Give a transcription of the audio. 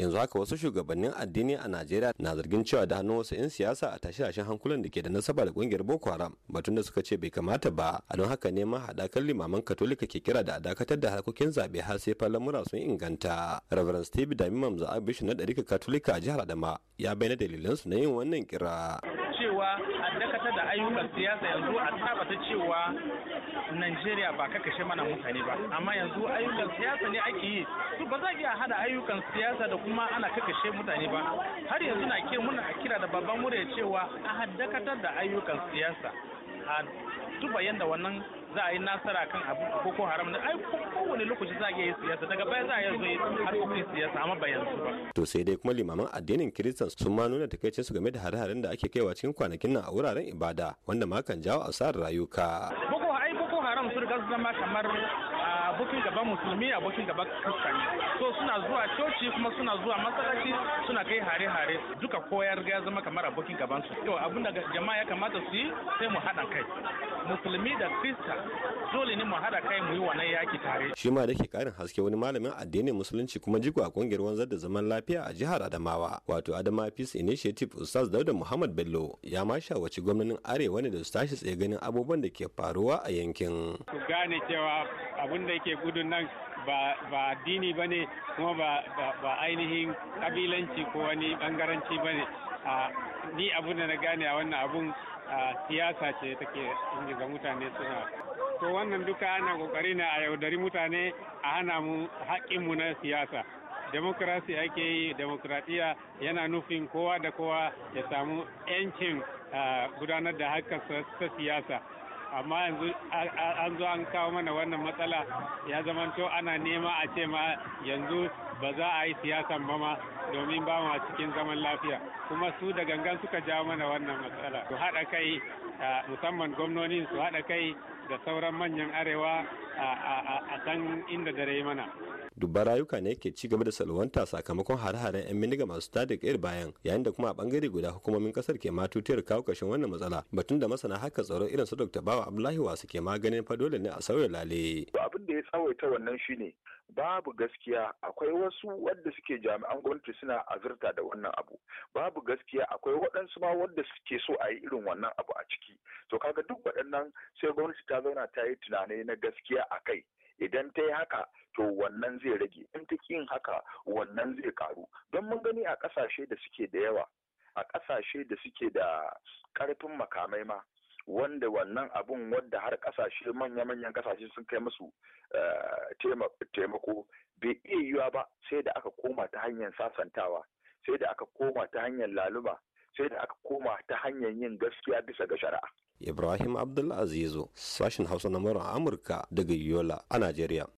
yanzu haka wasu shugabannin addini a najeriya na zargin cewa da hannu wasu 'yan siyasa a tashe-tashen hankulan da ke da nasaba da kungiyar boko haram batun da suka ce bai kamata ba a don haka ne ma haɗakar limaman katolika ke kira da a dakatar da harkokin zaɓe har sai lamura sun inganta reverend steve damimam za'a bishu na ɗarika katolika a jihar adama ya bayyana dalilansu na yin wannan kira cewa a dakatar da ayyukan siyasa yanzu a tabbata cewa Najeriya ba kakashe mana mutane ba amma yanzu ayyukan siyasa ne ake yi su ba za iya hada ayyukan siyasa da kuma ana kakashe mutane ba har yanzu na ke muna kira da babban murya cewa a dakatar da ayyukan siyasa su duba yadda wannan za a yi nasara kan abu ko haram na ai kowane lokaci za a iya siyasa daga baya za a yi har kuka harkokin siyasa amma ba yanzu ba. to sai dai kuma limaman addinin kiristan sun ma nuna takaicin su game da hare-haren da ake kaiwa cikin kwanakin nan a wuraren ibada wanda ma kan jawo asarar rayuka. kan su riga su zama kamar ah, abokin gaban musulmi abokin gaban kristani so suna zuwa coci kuma suna zuwa masallaci suna kai hare-hare duka koyar ya zama kamar abokin gaban su yau abin da jama'a ya kamata su yi sai mu haɗa kai musulmi da krista dole ne mu haɗa kai mu yi wannan yaki tare shi ma da ke karin haske wani malamin addinin musulunci kuma jigo a kungiyar wanzar da zaman lafiya a jihar adamawa wato adama peace initiative ustaz dauda muhammad bello ya ma shawarci gwamnanin arewa ne da su tashi tsaye ganin abubuwan da ke faruwa a yankin Ku gane cewa abin da yake gudun nan ba addini ba ne kuma ba ainihin kabilanci ko wani bangaranci ba ne. Ni abin da na gane a wannan abun siyasa ce take ingiza mutane suna. To wannan duka ana kokari na a yaudari mutane a hana mu haƙƙinmu na siyasa. demokrasi ake yi demokradiyya yana nufin kowa da kowa ya samu 'yancin gudanar da harkar ta siyasa amma yanzu an zo an kawo mana wannan matsala ya zamanto ana nema a ce ma yanzu ba za a yi siyasan ba ma domin ba ma cikin zaman lafiya kuma su da gangan suka jawo mana wannan matsala su haɗa kai musamman gwamnonin su haɗa kai da sauran manyan arewa a san inda dare mana. dubban rayuka ne ke ci gaba da salwanta sakamakon hare-haren 'yan miniga masu tada kayar bayan yayin da kuma a bangare guda hukumomin kasar ke ma tutiyar kawo kashin wannan matsala batun da masana haka tsaro irin su dr bawa abdullahi wasu ke ma ganin fa dole ne a sauya lale abin da ya tsawaita wannan shi ne babu gaskiya akwai wasu wadda suke jami'an gwamnati suna azurta da wannan abu babu gaskiya akwai waɗansu ma wadda suke so a yi irin wannan abu a ciki to kaga duk waɗannan sai gwamnati ta zauna ta yi tunani na gaskiya a kai idan ta yi haka to wannan zai rage in ta yin haka wannan zai karu don mun gani a ƙasashe da suke da yawa a ƙasashe da suke da ƙarfin makamai ma wanda wannan abun wadda har ƙasashe manya-manyan ƙasashe sun kai musu eh, taimako bai iya yiwuwa ba sai da aka koma ta hanyar sasantawa sai da aka koma ta hanyar laluba sai da aka koma ta hanyar yin gaskiya bisa ga shari'a ibrahim Azizu sashen hausa na amurka daga yola a najeriya